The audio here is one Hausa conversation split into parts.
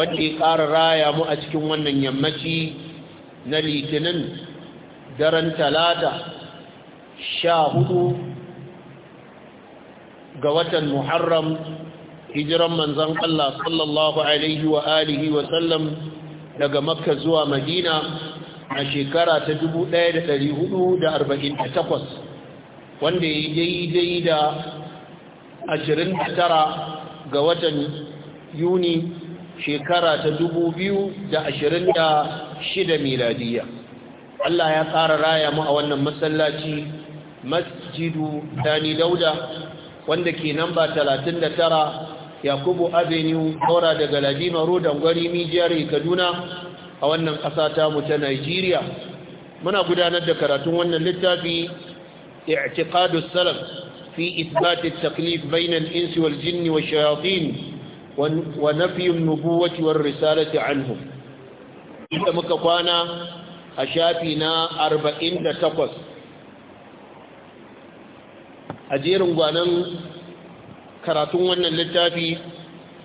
wanda ya ƙara raya mu a cikin wannan yammaci na litinin daren talata sha hudu ga watan muharram hijiran manzan Allah sallallahu alaihi wa alihi wa sallam daga makka zuwa madina a shekara ta 1448 wanda ya daidai da 29 ga watan yuni shekara ta dubu biyu da da shida miladiya Allah ya ƙara raya mu a wannan masallaci masjidu dani dauda wanda ke namba tara yakubu avenue daura daga ladima rodan gwari mijiyar kaduna a wannan ƙasa ta mu ta Najeriya muna gudanar da karatun wannan littafi i'tiqadus salaf fi ithbat at-taklif bayna al-insi jinni wa shayatin ونفي النبوة والرسالة عنهم إذا مكفانا أشافنا أربعين تقص أجير وانا karatun wannan littafi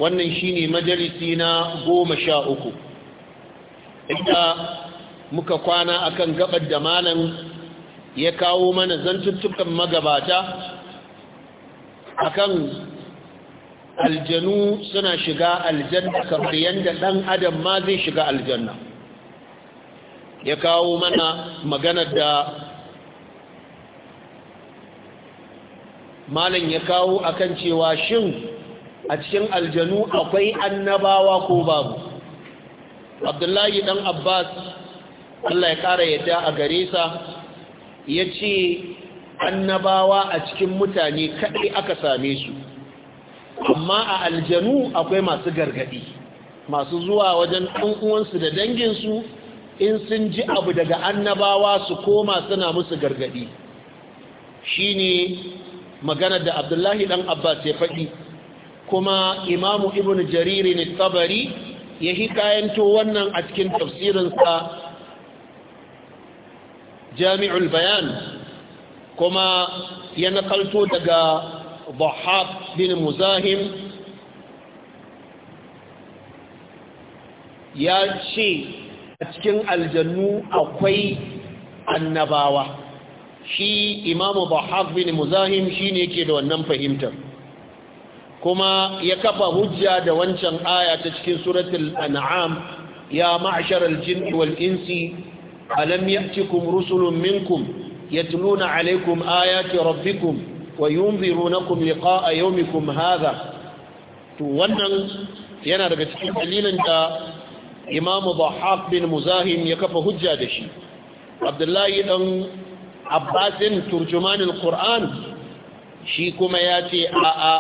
wannan shine majalisi na goma sha uku inda muka kwana akan gabar da malam ya kawo mana zantuttukan magabata akan aljanu suna shiga aljanna kamar yadda ɗan adam ma zai shiga aljanna ya kawo mana maganar da malam ya kawo akan cewa shin a cikin aljanu akwai annabawa ko babu abdullahi dan abbas allah ya ƙara yadda a gare sa ya ce annabawa a cikin mutane kaɗai aka same su amma a aljanu akwai masu gargadi masu zuwa wajen ɗan uwansu da danginsu in sun ji abu daga annabawa su koma suna musu gargadi Shi ne maganar da abdullahi ɗan abbas ya faɗi kuma imamu ibn jariri ne tabari ya kayanto wannan a cikin tafsirinsa jami'ul bayan kuma ya nakalto daga ضحاك bin مزاهم ya ce a cikin aljannu akwai annabawa shi Imam bahaf bin muzahim shi ne ke da wannan fahimtar kuma ya kafa hujja da wancan aya ta cikin suratul an'am ya ma'asharar aljin wal insi alam ya'tikum rusulun minkum yatluna alaikum ayati rabbikum wa yunzirunakum liqa'a yawmikum hadha to wannan yana daga cikin dalilin da imamu dhahab bin muzahim ya kafa hujja da shi abdullahi dan abbasin turjumanin qur'an shi kuma ya ce a'a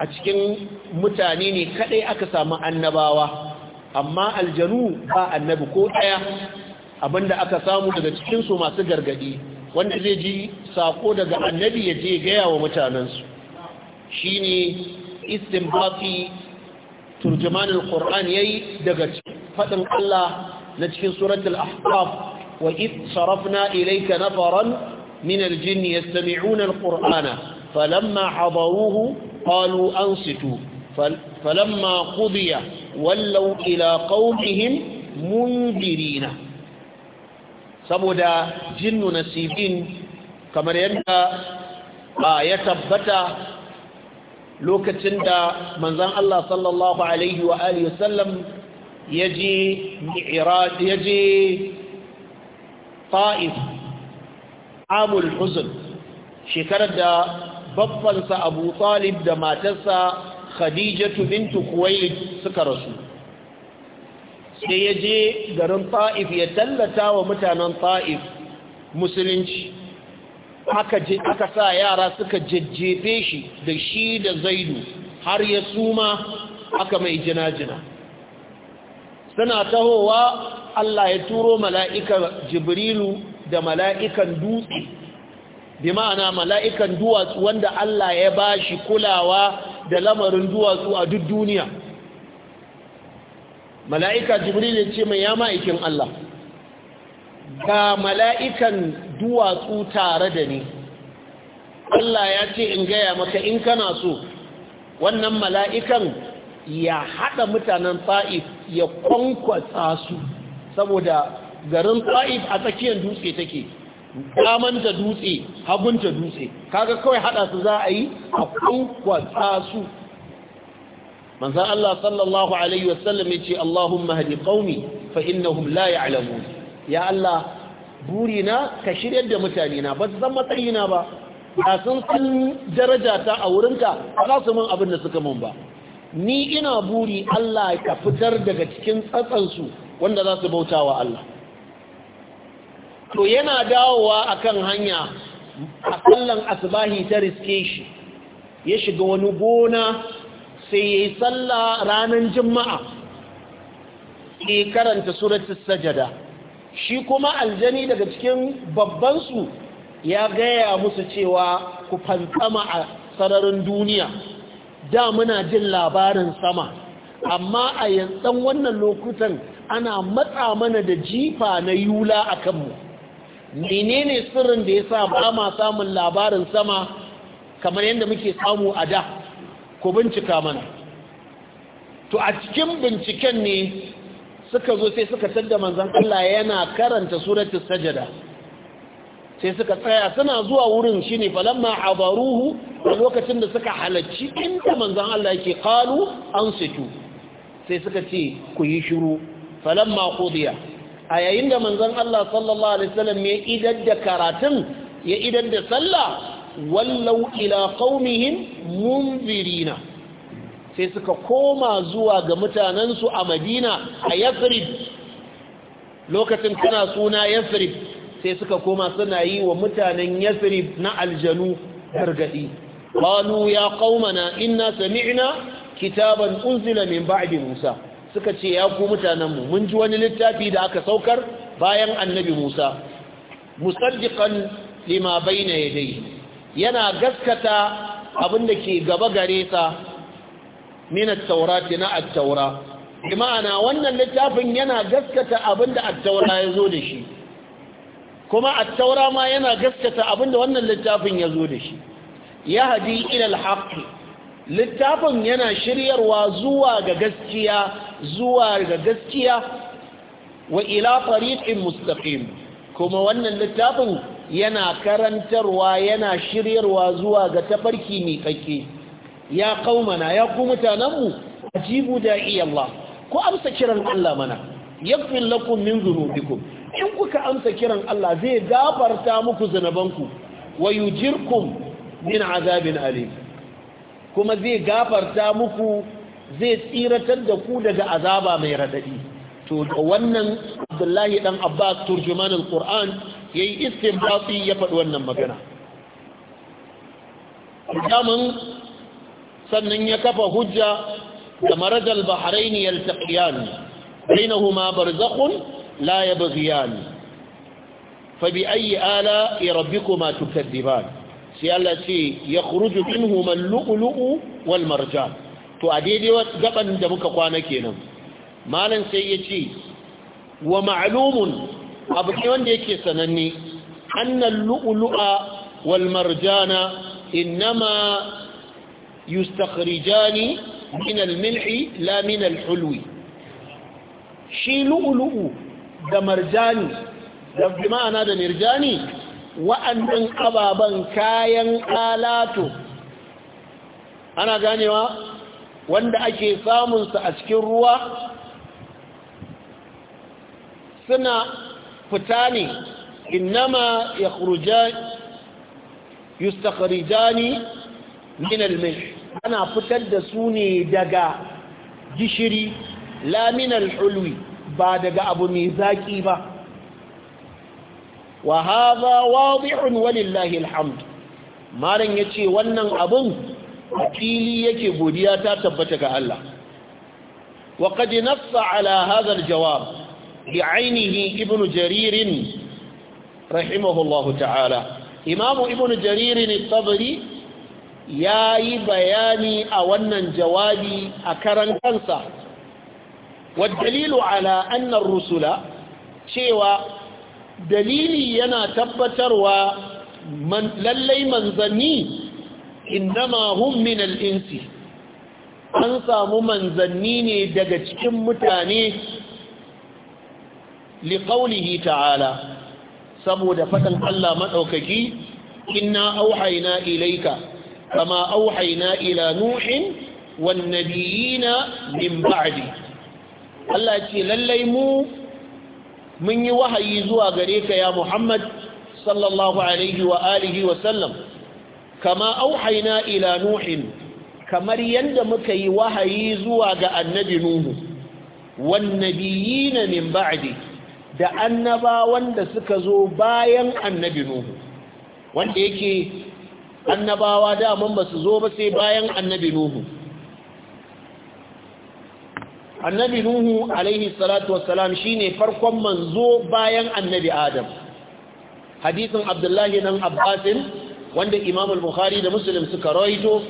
a cikin mutane ne kadai aka samu annabawa amma aljanu ba annabi ko ɗaya, abinda aka samu daga cikinsu masu gargadi wanda zai ji sako daga annabi ya je gaya wa mutanensu shi ne istinbafi turjimanin ƙor'an ya yi daga faɗin Allah na cikin suratul ahqaf wa id sarafna ilayka nafaran min aljin yastami'una alqur'ana falamma hadaruhu qalu ansitu falamma qudiya wallaw ila qaumihim mundirina saboda jinnu nasibin kamar yadda ba ya tabbata lokacin da manzan Allah sallallahu alaihi wa ya je ta'if amul huzun shekarar da babbansa abu talib da matarsa khadijatu bintu kuwait suka rasu sai ya je garin ta'if ya tallata wa mutanen ta'if musulunci aka sa yara suka jajjefe shi da shi da zaidu har ya suma aka mai jina-jina suna tahowa Allah ya turo mala'ikan jibrilu da mala'ikan dutse bi ma'ana mala'ikan duwatsu wanda Allah ya bashi kulawa da lamarin duwatsu a duk duniya mala'ika jibril ya ce mai ya ma'aikin Allah ga mala'ikan duwatsu tare da ni Allah ya ce in gaya maka in kana so wannan mala'ikan ya haɗa mutanen tsa'if ya kwankwasa su saboda garin tsa'if a tsakiyar dutse take damanta dutse hagunta dutse kaga kawai haɗa su za a yi a kwankwasa su manzan Allah sallallahu alaihi wasallam ya ce Allahumma hadi qaumi fa innahum la ya'lamun ya Allah burina ka shiryar da mutane na ba su san matsayina ba ba sun san daraja ta a wurinka ba za su min abin da suka mun ba ni ina buri Allah ka fitar daga cikin tsatsansu wanda za su bauta wa Allah to yana dawowa akan hanya a kallon asbahi ta riske shi ya shiga wani gona sai ya yi tsalla ranar Juma'a. ke karanta suratun sajada shi kuma aljani daga cikin babbansu ya gaya musu cewa ku fantsama a sararin duniya da muna jin labarin sama amma a yantsan wannan lokutan ana matsa mana da jifa na yula a kanmu menene sirrin da ya sa ba ma samun labarin sama kamar yadda muke samu a da ku bincika mana to a cikin binciken ne suka zo sai suka tadda manzan Allah yana karanta suratul sajada sai suka tsaya suna zuwa wurin shine falamma abaruhu a lokacin da suka halacci inda manzan Allah yake an ansitu sai suka ce ku yi shiru falamma qudiya a yayin da manzan Allah sallallahu alaihi wasallam ya idar da karatun ya idar da sallah wallau ila qaumihim munzirina sai suka koma zuwa ga mutanensu a madina a yathrib lokacin kana suna yathrib sai suka koma suna yi wa mutanen yathrib na aljanu gargadi qalu ya qaumana inna sami'na kitaban unzila min ba'di musa suka ce ya ku mutanenmu mun ji wani littafi da aka saukar bayan annabi musa musaddiqan lima bayna yadayhi yana gaskata abin da ke gaba gare sa min at-taurati na at-taura Imana wannan littafin yana gaskata abin da at-taura ya zo da shi kuma at-taura ma yana gaskata abin da wannan littafin ya zo da shi yahdi ila al-haqqi littafin yana shiryarwa zuwa ga gaskiya zuwa ga gaskiya wa ila tariqin mustaqim kuma wannan littafin yana karantarwa yana shiryarwa zuwa ga tafarki miƙaƙe ya kaumana ya ku mutanenmu ajibu da iya Allah ku amsa kiran Allah mana yaghfir lakum min dhunubikum in kuka amsa kiran Allah zai gafarta muku zunubanku wa yujirkum min azabin alim kuma zai gafarta muku zai tsiratar da ku daga azaba mai radadi to da wannan Abdullahi dan Abbas turjumanul Qur'an ya yi istinbati ya faɗi wannan magana damin sannan ya kafa hujja da marajal bahraini yaltaqiyan bainahuma barzakhun la yabghiyan fa bi ayi ala rabbikuma tukadziban sai Allah ce ya khuruju minhuma al-lu'lu'u wal marja. to a daidai gaban da muka kwana kenan malam sai ya ce wa ma'alumun abu ne wanda yake sananne annal lu'lu'a wal marjana innama yustakhrijani min al milhi la min al hulwi shi lu'lu'u da marjani da ma'ana da mirjani wa'annan ababan kayan alatu ana ganewa wanda ake samunsa a cikin ruwa suna fita ne innama ya yustakhrijani min ana fitar da su ne daga gishiri laminal min hulwi ba daga abu mai zaƙi ba wa hadha wadihun walillahi alhamd malan yace wannan abun fili yake godiya ta tabbata ga Allah wa qad nassa ala hadha jawab بعينه ابن جرير رحمه الله تعالى إمام ابن جرير الطبري ياي بياني أولا جوابي أكرا كنسا والدليل على أن الرسل شيوى دليلي ينا تبتر ومن للي منزني إنما هم من الإنس أنسى ممنزنيني دقشكم متانيه liƙaunihi ta'ala saboda faɗin Allah maɗaukaki inna auhaina ilaika kama auhaina ila nuhin wan nabiyina min ba'di Allah ce lallai mu mun yi wahayi zuwa gare ka ya Muhammad sallallahu alaihi wa alihi wa sallam kama auhaina ila nuhin kamar yadda muka yi wahayi zuwa ga annabi nuhu wan nabiyina min ba'di da annabawan da suka zo bayan annabi nuhu wanda yake annabawa daman ba su zo ba sai bayan annabi nuhu annabi nuhu alaihi salatu wassalam shine farkon manzo bayan annabi adam hadisin abdullahi nan abbasin wanda imam al-bukhari da muslim suka rawaito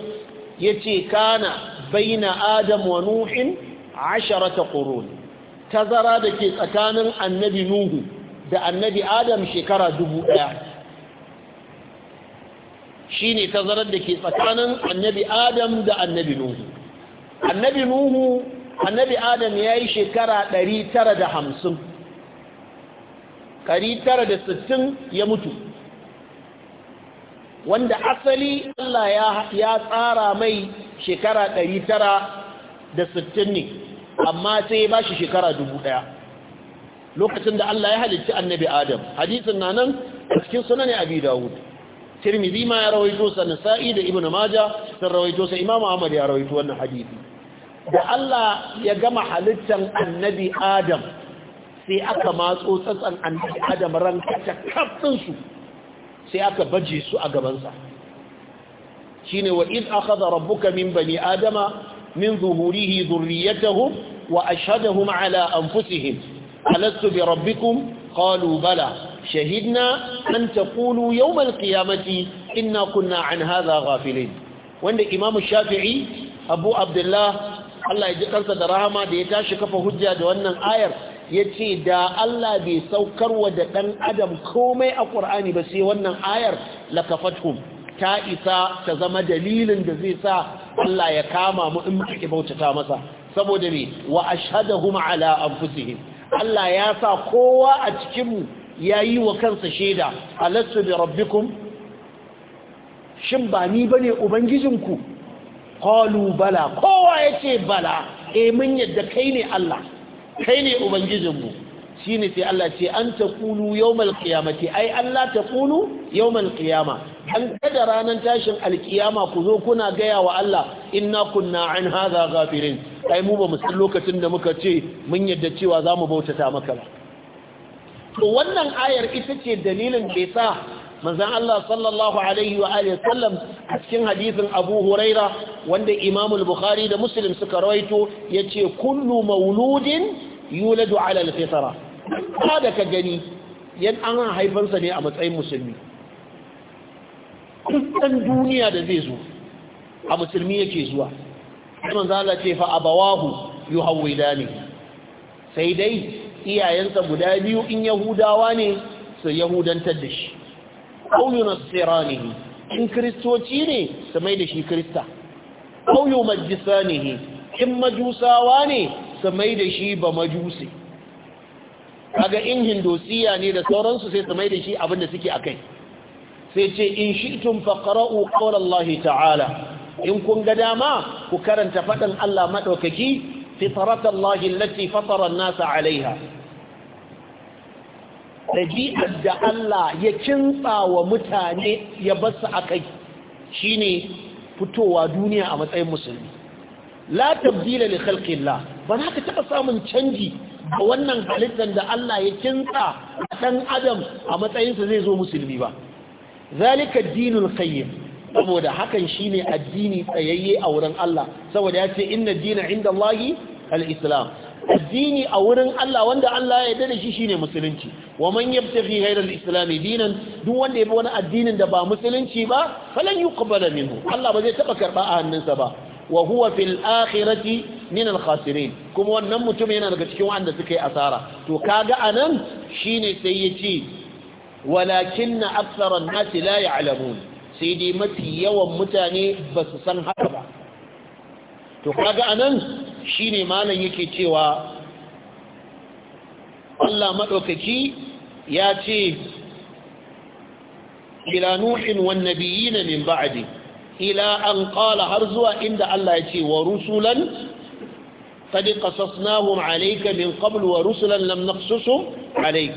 yace kana baina adam wa nuhin 10 qurun tazara da ke tsakanin annabi nuhu da annabi adam shekara dubu ɗaya shi ne tazarar da ke tsakanin annabi adam da annabi nuhu annabi nuhu annabi adam ya yi shekara ɗari tara da hamsin ɗari tara da sittin ya mutu wanda asali Allah ya tsara mai shekara ɗari tara da sittin ne amma sai ya bashi shekara dubu ɗaya lokacin da Allah ya halitta annabi Adam hadisin na nan a cikin sunan Abi Dawud Tirmidhi ma ya rawaito sa Nasa'i da Ibn Majah sun rawaito sai Imam Ahmad ya rawaito wannan hadisi da Allah ya gama halittan annabi Adam sai aka matso tsatsan annabi Adam ranka ta kafin su sai aka baje su a gabansa shine wa id akhadha rabbuka min bani adama min zuhurihi zurriyatahum wa ashhadahum ala anfusihim alastu bi rabbikum qalu bala shahidna an taqulu yawm alqiyamati inna kunna an hadha ghafilin wanda imam shafi'i abu abdullah Allah ya ji kansa da rahama da ya tashi kafa hujja da wannan ayar ya ce da Allah bai saukarwa da ɗan adam komai a ƙur'ani ba sai wannan ayar lakafatum ta isa ta zama dalilin da zai sa Allah ya kama mu in muka ki bautata masa saboda me wa ashhadahum ala anfusihim Allah ya sa kowa a cikin mu yayi wa kansa shaida alastu bi rabbikum shin ba ni bane ubangijinku qalu bala kowa yace bala eh mun yadda kai ne Allah kai ne ubangijinmu shine sai Allah ce an kulu yawmal qiyamati ai Allah taqulu yawmal qiyama an kada ranar tashin alkiyama ku zo kuna gaya wa Allah inna kunna an hadha ghafirin ai mu ba lokacin da muka ce mun yadda cewa zamu bautata maka ba to wannan ayar ita ce dalilin da sa manzon Allah sallallahu alaihi wa alihi sallam a cikin hadisin Abu Huraira wanda Imam al-Bukhari da Muslim suka rawaito yace kullu mauludin yuladu ala al-fitra ba da ka gani yan an haifansa ne a matsayin musulmi kusan duniya da zai zo a musulmi yake zuwa kuma zala ce fa abawahu ne sai dai iyayensa guda biyu in yahudawa ne su yahudantar da shi na tsira ne in kristoci ne su mai da shi krista aw ne in majusawa ne su mai da shi ba majusi kaga in hindosiya ne da sauransu sai su mai da shi abin da suke akai sai ce in shi'tum faqra'u qawla Allah ta'ala in kun ga dama ku karanta faɗan Allah maɗaukaki, fitrata Allah allati nasa alaiha dabi'ar da Allah ya kintsa wa mutane ya basu akai shine fitowa duniya a matsayin musulmi la tabdila li khalqillah ba na ka taɓa samun canji da wannan halittar da Allah ya kinsa ɗan adam a matsayinsa zai zo musulmi ba zalika dinul qayyim saboda hakan shine addini tsayayye a wurin Allah saboda ya ce inna dina inda Allahi al-islam addini a wurin Allah wanda Allah ya yarda da shi shine musulunci wa man yabtaghi ghayra al-islam dinan duk wanda yabi wani addinin da ba musulunci ba falan yuqbala minhu Allah ba zai taba karba a hannunsa ba wa huwa fil akhirati min al khasirin kuma wannan mutum yana daga cikin wanda suka yi asara to kaga anan shine sai yace walakin aktsara an-nas la ya'lamun sai dai mafi yawan mutane ba su san haka ba to kaga anan shine malam yake cewa Allah madaukaki ya ce ila nuhin wan nabiyina min ba'di ila an qala har zuwa inda Allah ya ce wa rusulan qad qasasnahum alaika min qabl wa rusulan lam naqsusum alaika.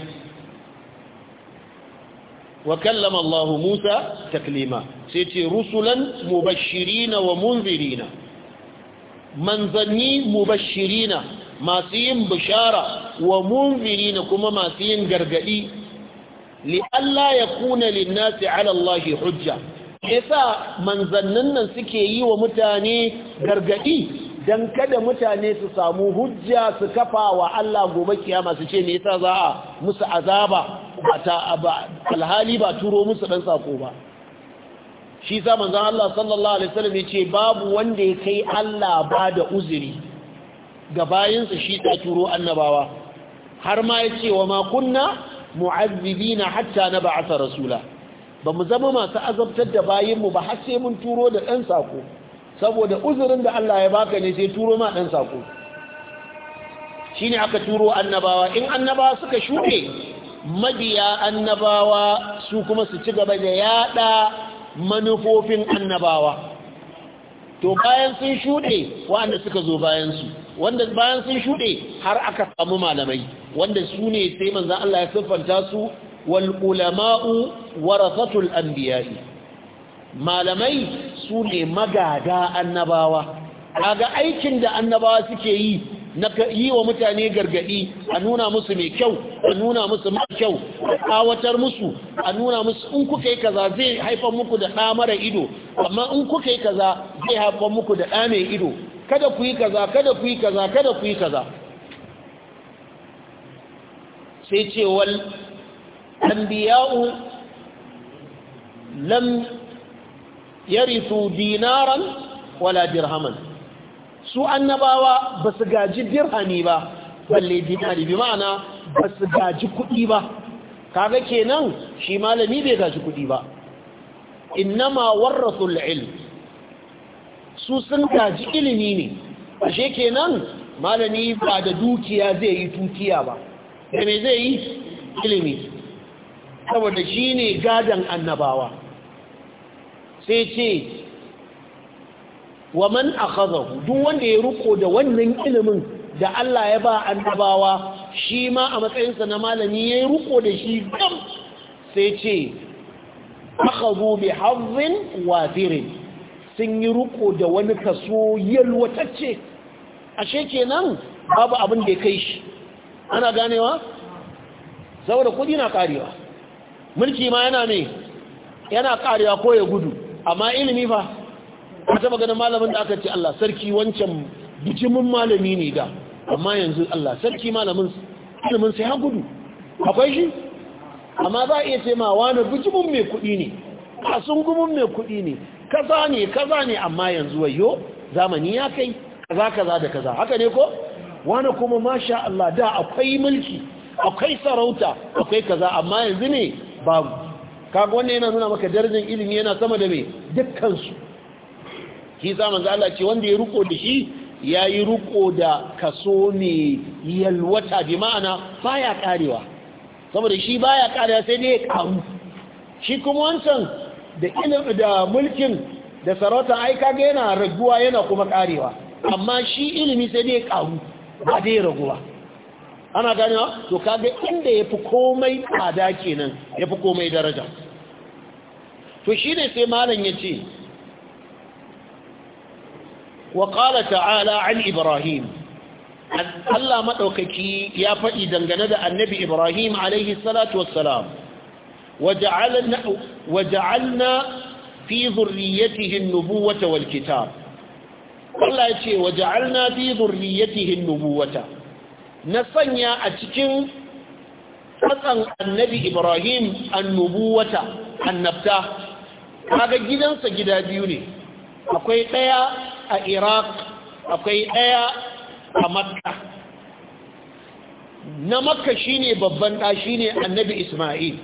wa kallama Allah Musa taklima sai ce rusulan mubashirina wa munzirina manzanni mubashirina masu yin bishara wa munzirina kuma masu yin gargadi li ya kuna lin-nasi 'ala Allah hujja yasa manzannin nan suke yi wa mutane gargadi don kada mutane su samu hujja su kafa wa Allah gobe kiyama su ce me yasa za a musu azaba ba ta alhali ba turo musu dan sako ba shi sa manzan Allah sallallahu alaihi wasallam yace babu wanda ya kai Allah ba da uzuri ga bayinsa shi ta turo annabawa har ma yace wa ma kunna mu'azzibina hatta nab'atha rasula ba mu zama masu azabtar da bayinmu ba har sai mun turo da ɗan sako saboda uzurin da Allah ya baka ne sai turo ma ɗan sako ne aka turo annabawa in annabawa suka shuɗe mabiya annabawa su kuma su ci gaba da yaɗa manufofin annabawa to bayan sun shuɗe waɗanda suka zo bayansu wanda bayan sun shuɗe har aka samu malamai wanda su ne sai manzan Allah ya siffanta su wal'ulama'u warafatul anbiya'i malamai su ne magada annabawa ga aikin da annabawa suke yi na yi wa mutane gargadi a nuna musu mai kyau a nuna musu mai kyau a kawatar musu a nuna musu in kuka yi kaza zai haifar muku da ɗa mara ido amma in kuka yi kaza zai haifar muku da ɗa mai ido kada ku yi kaza kada ku yi kaza kada ku yi kaza sai ce wal anbiya'u lam yarithu dinaran wala dirhaman su annabawa ba su gaji dirhami ba balle dinari bi ma'ana ba su gaji kuɗi ba kaga kenan shi malami bai gaji kuɗi ba innama warrasul ilm su sun gaji ilimi ne ashe kenan malami ba da dukiya zai yi tutiya ba da me zai yi ilimi saboda shi ne gadon annabawa sai ce wa man a akhadahu duk wanda ya ruko da wannan ilimin da Allah ya ba annabawa shi ma a matsayinsa na malami ya ruko da shi gam sai ce akhadhu bi hazzin wazirin sun yi ruko da wani kaso yalwatacce ashe nan babu abin da ya kai shi ana ganewa saboda kudi na karewa mulki ma yana ne yana karewa ko ya gudu amma ilimi fa a taba ganin malamin da aka ce Allah sarki wancan bijimin malami ne da amma yanzu Allah sarki malamin ilimin sai ya gudu akwai shi amma za a iya ce ma wani bijimin mai kuɗi ne kasungumin mai kuɗi ne kaza ne kaza ne amma yanzu wayo zamani ya kai kaza kaza da kaza haka ne ko wani kuma masha Allah da akwai mulki akwai sarauta akwai kaza amma yanzu ne babu kaga wannan yana nuna maka darajar ilimi yana sama da mai dukkan su shi sa manzo Allah ce wanda ya ruko da shi yayi ruko da kaso ne yalwata bi ma'ana baya karewa saboda shi baya karewa sai dai ya karu shi kuma wancan da ilimi da mulkin da sarauta ai kaga yana raguwa yana kuma karewa amma shi ilimi sai dai ya karu ba dai raguwa ana ganewa to kaga inda yafi komai tsada kenan yafi komai daraja to shine sai malam yace wa qala ta'ala an ibrahim Allah madaukaki ya fadi dangane da annabi ibrahim alaihi salatu wassalam waja'alna waja'alna fi dhurriyyatihi an-nubuwata wal kitab Allah yace waja'alna fi dhurriyyatihi an-nubuwata na sanya a cikin tsatsan annabi ibrahim annubuwata annabta kaga gidansa gida biyu ne akwai ɗaya a iraq akwai ɗaya a makka na makka shine babban ɗa shine annabi isma'il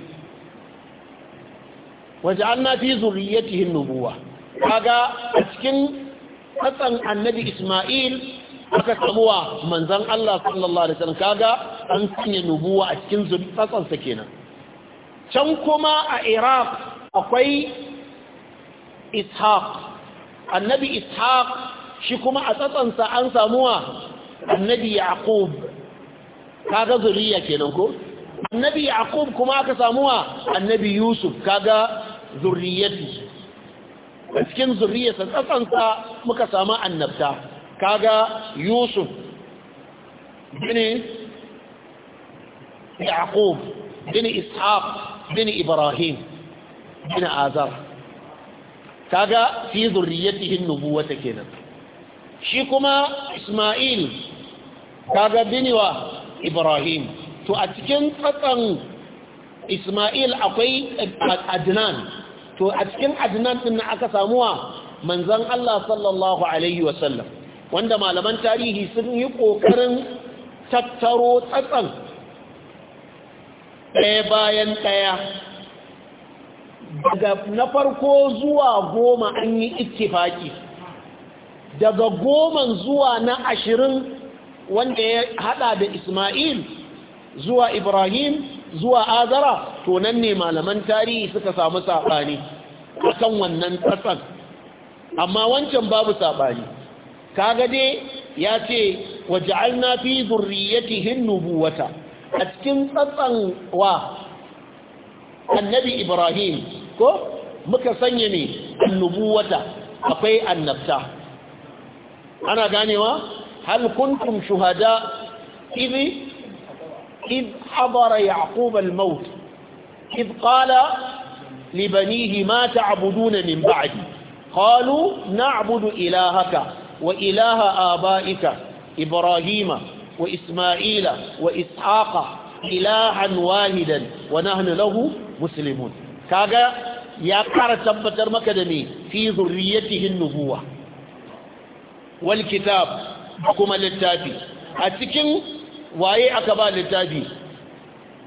waje an na fi zuriyatihin nubuwa kaga a cikin tsatsan annabi isma'il aka samuwa manzan Allah sallallahu alaihi wasallam kaga an sanya nubuwa a cikin zurfafansa kenan can kuma a Iraq akwai Ishaq annabi Ishaq shi kuma a tsatsansa an samuwa annabi Yaqub kaga zuriya kenan ko annabi Yaqub kuma aka samuwa annabi Yusuf kaga zuriyatu a cikin zuriyarsa tsatsansa muka samu annabta kaga yusuf bini yaqub bini ishaq bini ibrahim bini azar kaga fi zurriyatihi nubuwata kenan shi kuma isma'il kaga wa ibrahim to a cikin tsatsan isma'il akwai adnan to a cikin adnan din aka samuwa manzon Allah sallallahu alaihi wasallam wanda malaman tarihi sun yi ƙoƙarin tattaro tsatsan ɗaya bayan ɗaya daga na farko zuwa goma an yi ittifaki daga goman zuwa na ashirin wanda ya hada da ismail zuwa ibrahim zuwa azara to nan ne malaman tarihi suka samu saɓani akan wannan tsatsan amma wancan babu saɓani kaga dai ya ce na fi dhurriyyatihin nubuwata a cikin tsatsan wa annabi ibrahim ko muka sanya ne nubuwata akwai annabta ana ganewa hal kuntum shuhada idh idh hadara yaqub al-maut idh qala libanihi ma ta'buduna halu na abudu ila haka. وإله آبائك إبراهيم وإسماعيل وإسحاق إلها واحدا ونحن له مسلمون كاغا يا قرا تبتر مكدني في ذريته النبوة والكتاب كما للتابي أتكن waye aka ba littafi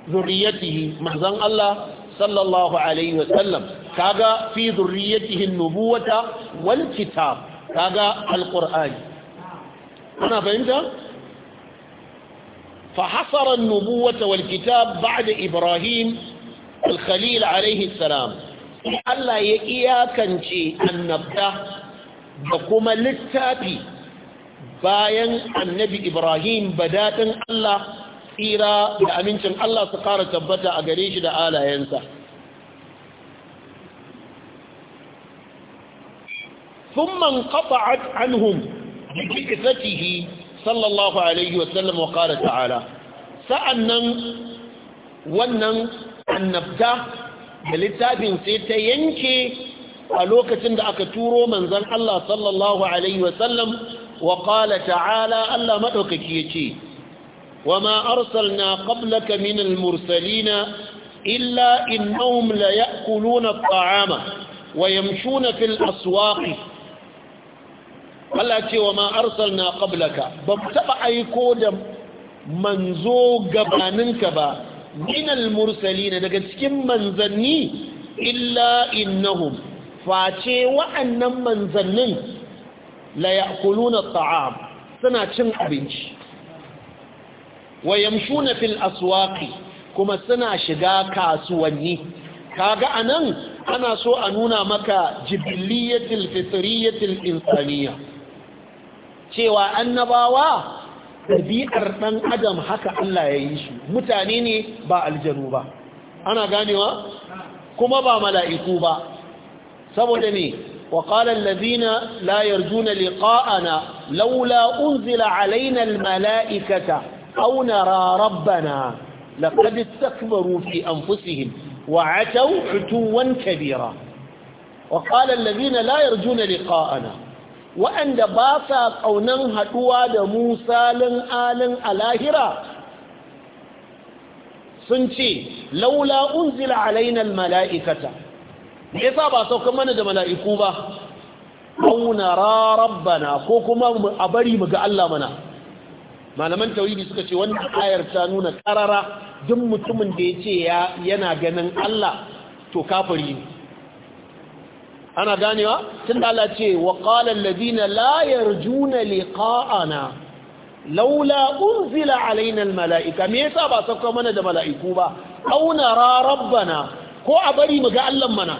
zurriyatihi manzon Allah sallallahu alaihi wasallam kaga fi zurriyatihi nubuwata wal kitab kaga alkur'ani kuna fahimta fa nubuwata wal kitab ba'da ibrahim alkhalil alaihi alayhi salam Allah ya iyakance annabta da kuma littafi bayan annabi ibrahim badaɗin Allah tsira da amincin Allah su ƙara tabbata a gare shi da alayensa ثم انقطعت عنهم ببعثته صلى الله عليه وسلم وقال تعالى سأنن ونن النبتة بلتاب سيتينكي ألوكة دعك تورو منزل الله صلى الله عليه وسلم وقال تعالى ألا مدوكك يتي وما أرسلنا قبلك من المرسلين إلا إنهم ليأكلون الطعام ويمشون في الأسواق Allah ce wa ma arsalna qablaka ba mu taɓa aiko da manzo gabaninka ba minal mursalin daga cikin manzanni illa innahum face wa'annan manzannin la ya'kuluna at'am suna cin abinci wa yamshuna fil aswaki kuma suna shiga kasuwanni kaga anan ana so a nuna maka jibiliyatil fitriyatil insaniyah cewa annabawa ɗabi'ar ɗan adam haka Allah ya yi shi mutane ne ba aljanu ba ana ganewa kuma ba mala'iku ba saboda ne wa qala allazina la yarjuna laula unzila alaina mala'ikata. aw nara rabbana laqad istakbaru fi anfusihim wa ataw 'tuwan kabira wa qala allazina la yarjuna waɗanda ba sa ƙaunan haɗuwa da musalin alin alahira sun ce laula unzila alainal mala'ikata me sa ba sauka mana da mala'iku ba auna bana ko kuma a bari mu ga Allah mana malaman tauhidi suka ce wannan ayar ta nuna ƙarara duk mutumin da ya ce yana ganin Allah to kafari ne ana ganewa tun da ce wa qala alladhina la yarjuna liqa'ana laula unzila alaina mala'ika me yasa ba sauka mana da mala'iku ba aw nara rabbana ko a bari mu ga Allah mana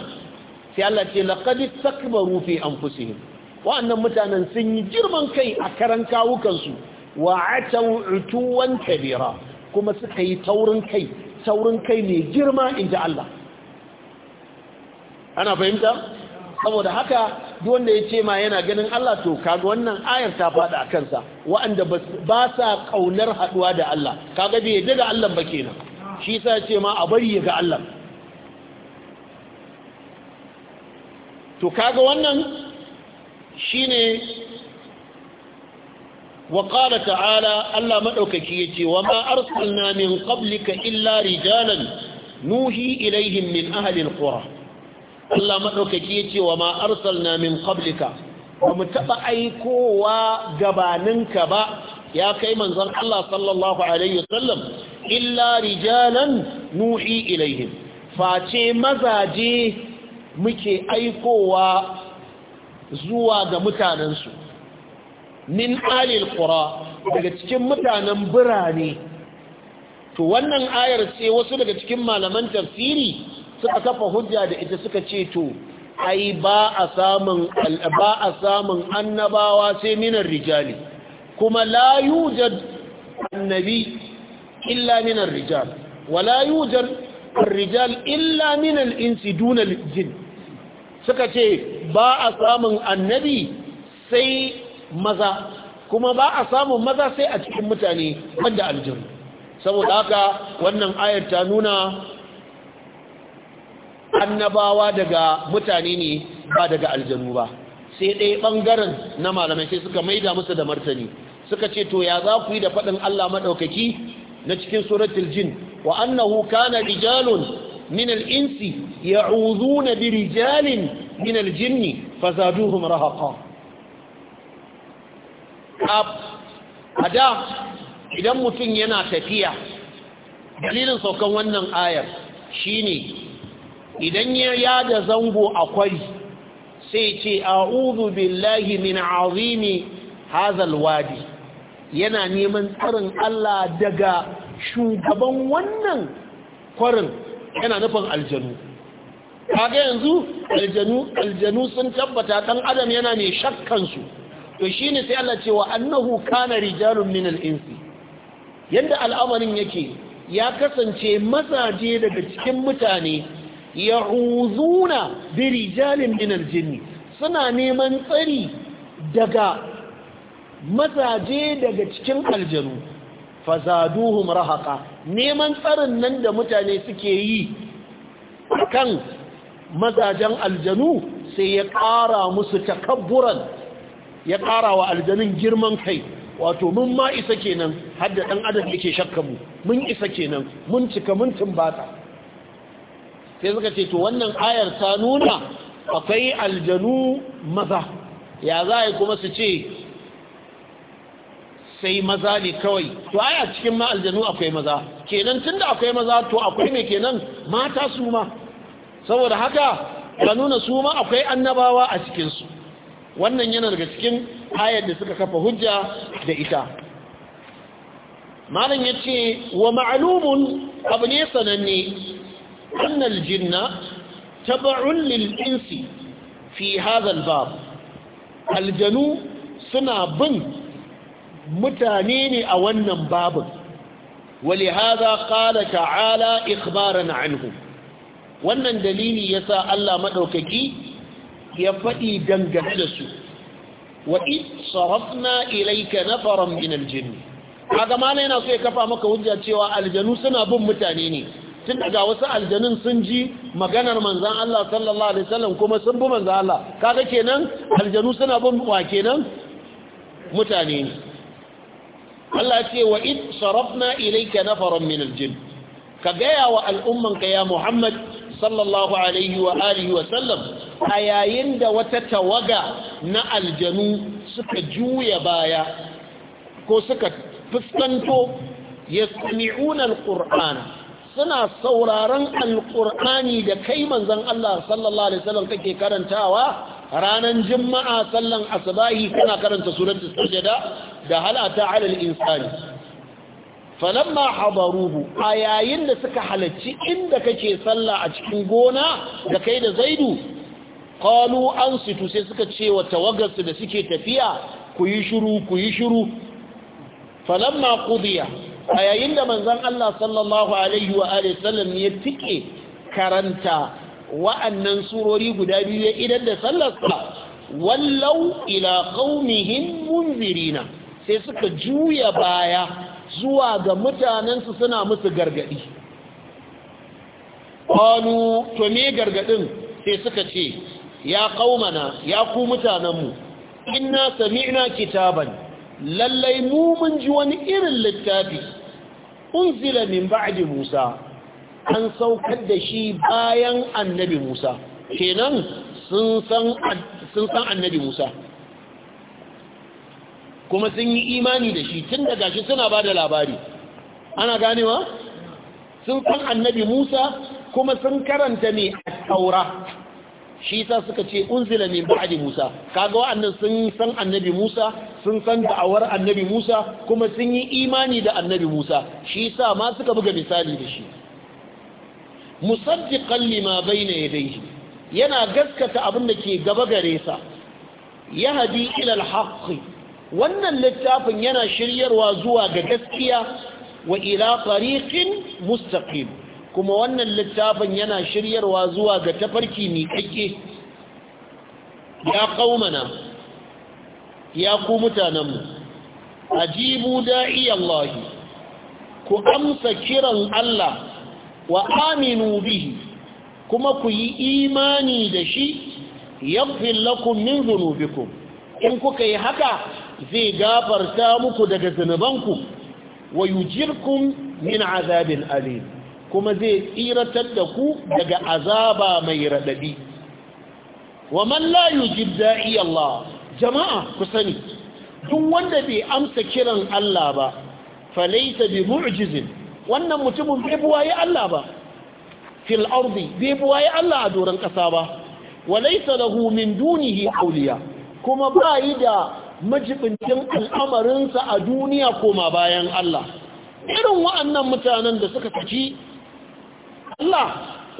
sai Allah ce laqad istakbaru fi anfusihim wa'annan mutanen sun yi girman kai a karan kawukansu wa atau utuwan kabira kuma suka yi taurin kai taurin kai mai girma inda Allah ana fahimta saboda haka duk wanda ya ce ma yana ganin Allah to kaga wannan ayar ta faɗa a kansa wa'anda ba sa ƙaunar haɗuwa da Allah kaga bai yadda da Allah ba kenan shi sa ce ma a bari ya ga Allah to kaga wannan shine wa qala ta'ala Allah madaukaki yace wa ma arsalna min ka illa rijalan nuhi ilaihin min ahalin alqura Allah madaukaki ce wa ma na min qablika ba mu taɓa aikowa gabaninka ba ya kai manzon Allah sallallahu alaihi wasallam illa rijalan nuhi ilaihim face mazaje muke aikowa zuwa ga mutanensu min alil qura daga cikin mutanen birane to wannan ayar ce wasu daga cikin malaman tafsiri suka kafa hujja da ita suka ce to ai ba a samun ba a samun annabawa sai minan rijali kuma la yujad annabi illa minan rijal wala yujad الرجال إلا من الإنس دون jin suka ce ba a samun annabi sai maza kuma ba a samun maza sai a cikin mutane wanda aljanu saboda haka wannan ayar ta nuna annabawa daga mutane ne ba daga aljanu ba sai ɗaya ɓangaren na malamai sai suka maida musu da martani suka ce to ya za ku yi da faɗin Allah maɗaukaki na cikin suratul jin wa annahu kana rijalun min al-insi ya'uduna bi rijalin min al-jinni fazaduhum rahaqa ada idan mutum yana tafiya dalilin saukan wannan ayar shine idan ya yada zango akwai sai ce a'udhu billahi min azimi hazal wadi yana neman tsarin Allah daga shugaban wannan kwarin yana nufin aljanu kaga yanzu aljanu aljanu sun tabbata dan adam yana ne shakkan su to shine sai Allah cewa annahu kana rijalun min al-insi yanda al'amarin yake ya kasance mazaje daga cikin mutane ya'uzuna biri, rijalin min jini, suna neman tsari daga mazaje daga cikin aljanu fazaduhum rahaqa neman tsarin nan da mutane suke yi kan mazajen aljanu sai ya ƙara musu takabburan ya ƙara wa aljanun girman kai wato mun ma isa kenan hadda ɗan adam yake shakka mu mun isa kenan mun cika mun tumbata sai suka ce to wannan ayar ta nuna akwai aljanu maza ya za a yi kuma su ce sai maza ne kawai to ai a cikin ma aljanu akwai maza kenan tunda akwai maza to akwai mai kenan mata su ma saboda haka ka nuna su ma akwai annabawa a cikinsu wannan yana daga cikin ayar da suka kafa hujja da ita malam ya ce wa ma'alumun abu ne sananne أن الجن تبع للإنس في هذا الباب الجنو سنا بن متانين أولا باب ولهذا قال تعالى إخبارا عنهم wannan dalili ya sa Allah maɗaukaki ya faɗi dangane da su wa sarafna ilaika nafaran min aljinn kaga malai yana so ya kafa maka hujja cewa aljanu suna bin mutane ne tun daga wasu aljanun sun ji maganar manzan Allah sallallahu alaihi wasallam kuma sun bi manzan Allah kaga kenan aljanu suna bin wa kenan mutane ne Allah ce wa id sarafna ilayka nafaran min aljin ka gaya wa al'umman ka ya Muhammad sallallahu alaihi wa alihi wa sallam a yayin da wata tawaga na aljanu suka juya baya ko suka fuskanto yastami'una alqur'ana suna sauraron alƙur'ani da kai manzan Allah sallallahu alaihi wasallam kake karantawa ranar jima'a sallan asbahi kana karanta suratul da halata alal insani falamma a yayin da suka halarci inda kake sallah a cikin gona da kai da zaidu an situ sai suka ce wa tawagarsu da suke tafiya ku yi shiru ku yi shiru falamma qudiya a yayin da manzon Allah sallallahu alaihi wa sallam ya tike karanta wa'annan surori guda biyu ya idan da sallarsa wallau ila ƙaunihin munzirina sai suka juya baya zuwa ga mutanensu suna musu gargadi qalu to me gargadin sai suka ce ya qaumana ya ku mutanenmu inna ina kitaban lallai mu mun ji wani irin littafi unzila min ba'di Musa an saukar da shi bayan annabi Musa kenan sun san sun san annabi Musa kuma sun yi imani da shi tun daga shi suna ba da labari ana ganewa sun san annabi Musa kuma sun karanta ne a taura shi suka ce unzila min ba'di Musa kaga wa'annan sun san annabi Musa sun san da'awar annabi Musa kuma sun yi imani da annabi Musa shi sa ma suka buga misali da shi musaddiqan lima bayna yadayhi yana gaskata abin da ke gaba gare sa yahdi ila al-haqq wannan littafin yana shiryarwa zuwa ga gaskiya wa ila tariqin mustaqim kuma wannan littafin yana shiryarwa zuwa ga tafarki miƙaƙe ya ƙaumana ya ku mutanenmu ajibu da'i Allah ku amsa kiran Allah wa aminu bihi kuma ku yi imani da shi yaghfir lakun min dhunubikum in kuka yi haka zai gafarta muku daga zunubanku wa yujirkum min azabin alim kuma zai tsiratar da ku daga azaba mai raɗaɗi wa man la yujib da'i jama'a ku sani duk wanda bai amsa kiran Allah ba falaita bi mu'jizin wannan mutumin bai buwaye Allah ba fil ardi bai buwaye Allah a doron ƙasa ba walaita lahu min dunihi awliya kuma bai da majibincin al'amarinsa a duniya koma bayan Allah irin wa'annan mutanen da suka saki Allah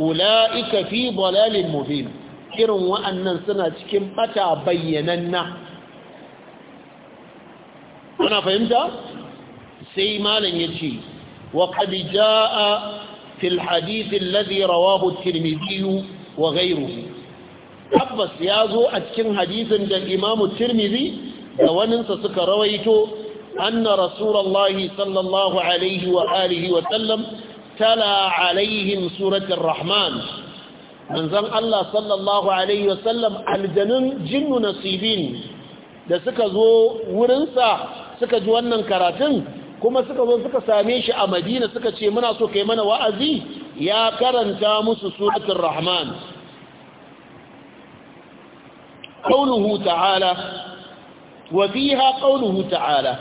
ula'ika fi dalalin mubin irin wa'annan suna cikin bata bayyananna kuna fahimta sai malam yace wa qad jaa fil hadith alladhi rawahu at wa gairu. tabbas zo a cikin hadisin da imamu tirmizi da waninsa suka rawaito anna Rasulallah sallallahu alaihi wa alihi wa sallam tala alaihim suratul rahman manzon Allah sallallahu alaihi wasallam aljanun jinnu nasibin da suka zo wurinsa suka ji wannan karatun kuma suka zo suka same shi a Madina suka ce muna so kai mana wa'azi ya karanta musu suratul rahman قوله تعالى وفيها قوله تعالى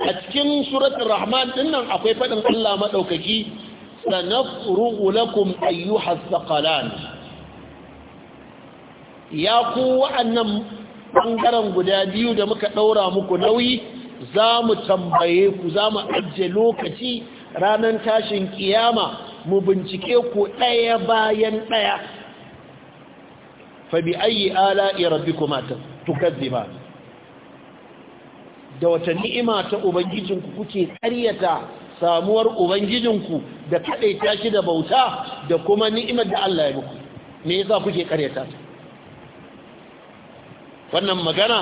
a cikin suratul rahman ɗinnan akwai fadin Allah madaukaki sanafuru lakum ayyuha thaqalan ya ku wa'annan bangaren guda biyu da muka daura muku nauyi za mu tambaye ku za mu ajiye lokaci ranan tashin kiyama mu bincike ku ɗaya bayan ɗaya bi ayi ala irabbi kuma tukazziba da wata ni'ima ta ubangijinku kuke ƙaryata. samuwar ubangijinku da kadaita shi da bauta da kuma ni'imar da Allah ya muku me yasa kuke karyata wannan magana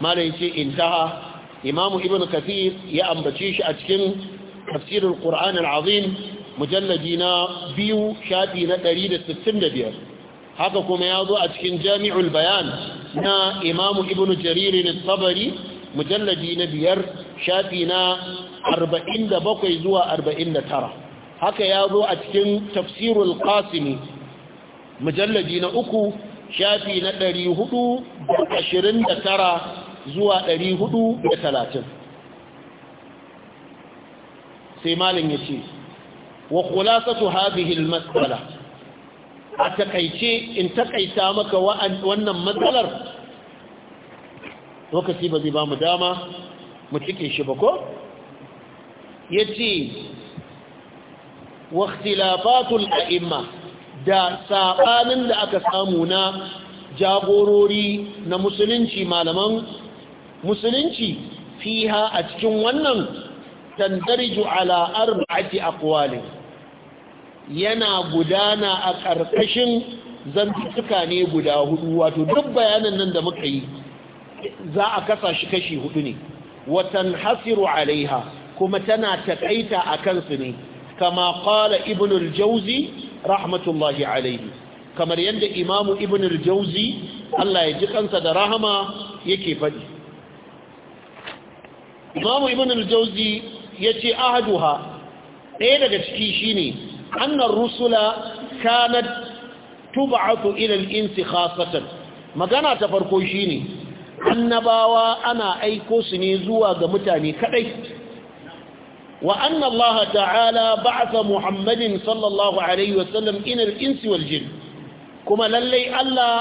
malam ce intaha imamu ibnu kathir ya ambace shi a cikin tafsirul qur'an al-azim mujalladi na biyu shafi na 165 haka kuma ya zo a cikin jami'ul bayan na imamu ibnu jarir al-tabari mujalladi na biyar shafi na 47 zuwa 49 haka ya zo a cikin tafsirul qasimi mujallaji na uku shafi na 429 zuwa 430 sai malin ya ce wa kulasatu hadhihi al-mas'ala a takaice in takaita maka wannan matsalar lokaci ba zai ba mu dama mu cike shi ba ko yace wa ikhtilafatul a'imma da saɓanin da aka samu na jagorori na musulunci malaman musulunci fiha a cikin wannan tandarju ala arba'ati aqwalin yana gudana a ƙarƙashin zantuka ne guda hudu wato duk bayanan nan da muka yi za a kasa shi kashi hudu ne Watan Hasiru alaiha kuma tana taƙaita akan su ne kama qala ibn rahmatullahi alaihi kamar yadda imamu ibn Allah ya ji kansa da rahama yake faɗi imamu ibn al-jawzi yace ahaduha ɗaya daga ciki shine annar rusula kanat tub'atu ilal al-insi khasatan magana ta farko shine annabawa ana aiko su ne zuwa ga mutane kadai wa anna Allah ta'ala ba'atha Muhammadin sallallahu alaihi wa sallam inal insi wal jin kuma lallai Allah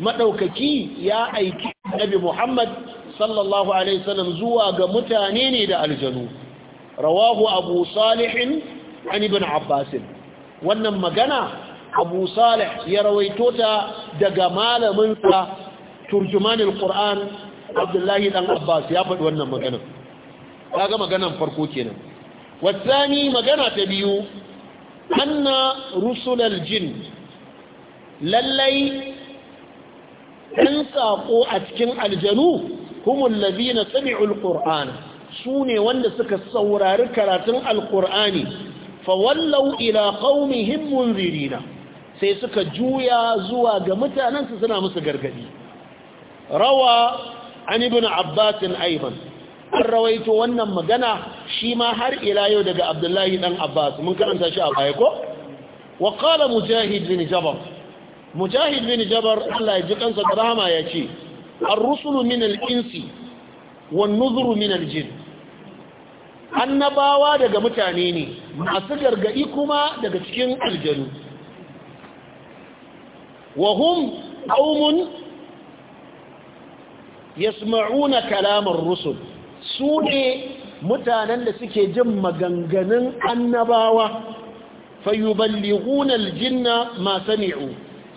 madaukaki ya aiki Nabi Muhammad sallallahu alaihi wa sallam zuwa ga mutane ne da aljanu rawahu Abu Salih an ibn Abbas wannan magana Abu Salih ya rawaito ta daga malamin sa turjumanin qur'an abdullahi dan abbas ya faɗi wannan maganar kaga farko kenan wasani magana ta biyu anna rusulal jin lallai ɗan saƙo a cikin aljanu humul ladina sami'ul qur'an sune wanda suka saurari karatun alqur'ani fawallau ila qaumihim munzirina sai suka juya zuwa ga mutanensu suna musu gargadi rawa an ibn abbas aiban an rawaito wannan magana shi ma har ila yau daga abdullahi dan abbas mun karanta shi a baya ko wa qala mujahid bin jabr mujahid bin jabr Allah ya ji kansa da rahama ya ce ar-rusulu min al-insi wan-nuzuru min al annabawa daga mutane ne masu gargadi kuma daga cikin aljanu Wahum hum yasma'una kalamar rusul su ne mutanen da suke jin maganganun annabawa lihunal jina masu sami'u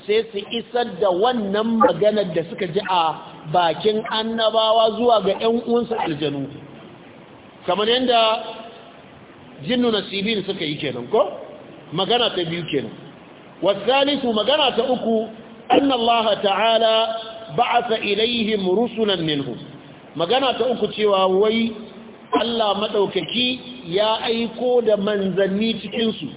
sai su isar da wannan maganar da suka ji a bakin annabawa zuwa ga 'yan uwansu aljanu kamar yadda jinnu nasibin suka yi kenan ko magana ta biyu kenan wasalisu magana ta uku anna ta'ala ba'atha ilaihim rusulan minhum magana ta uku cewa wai Allah madaukaki ya aiko da manzanni cikin su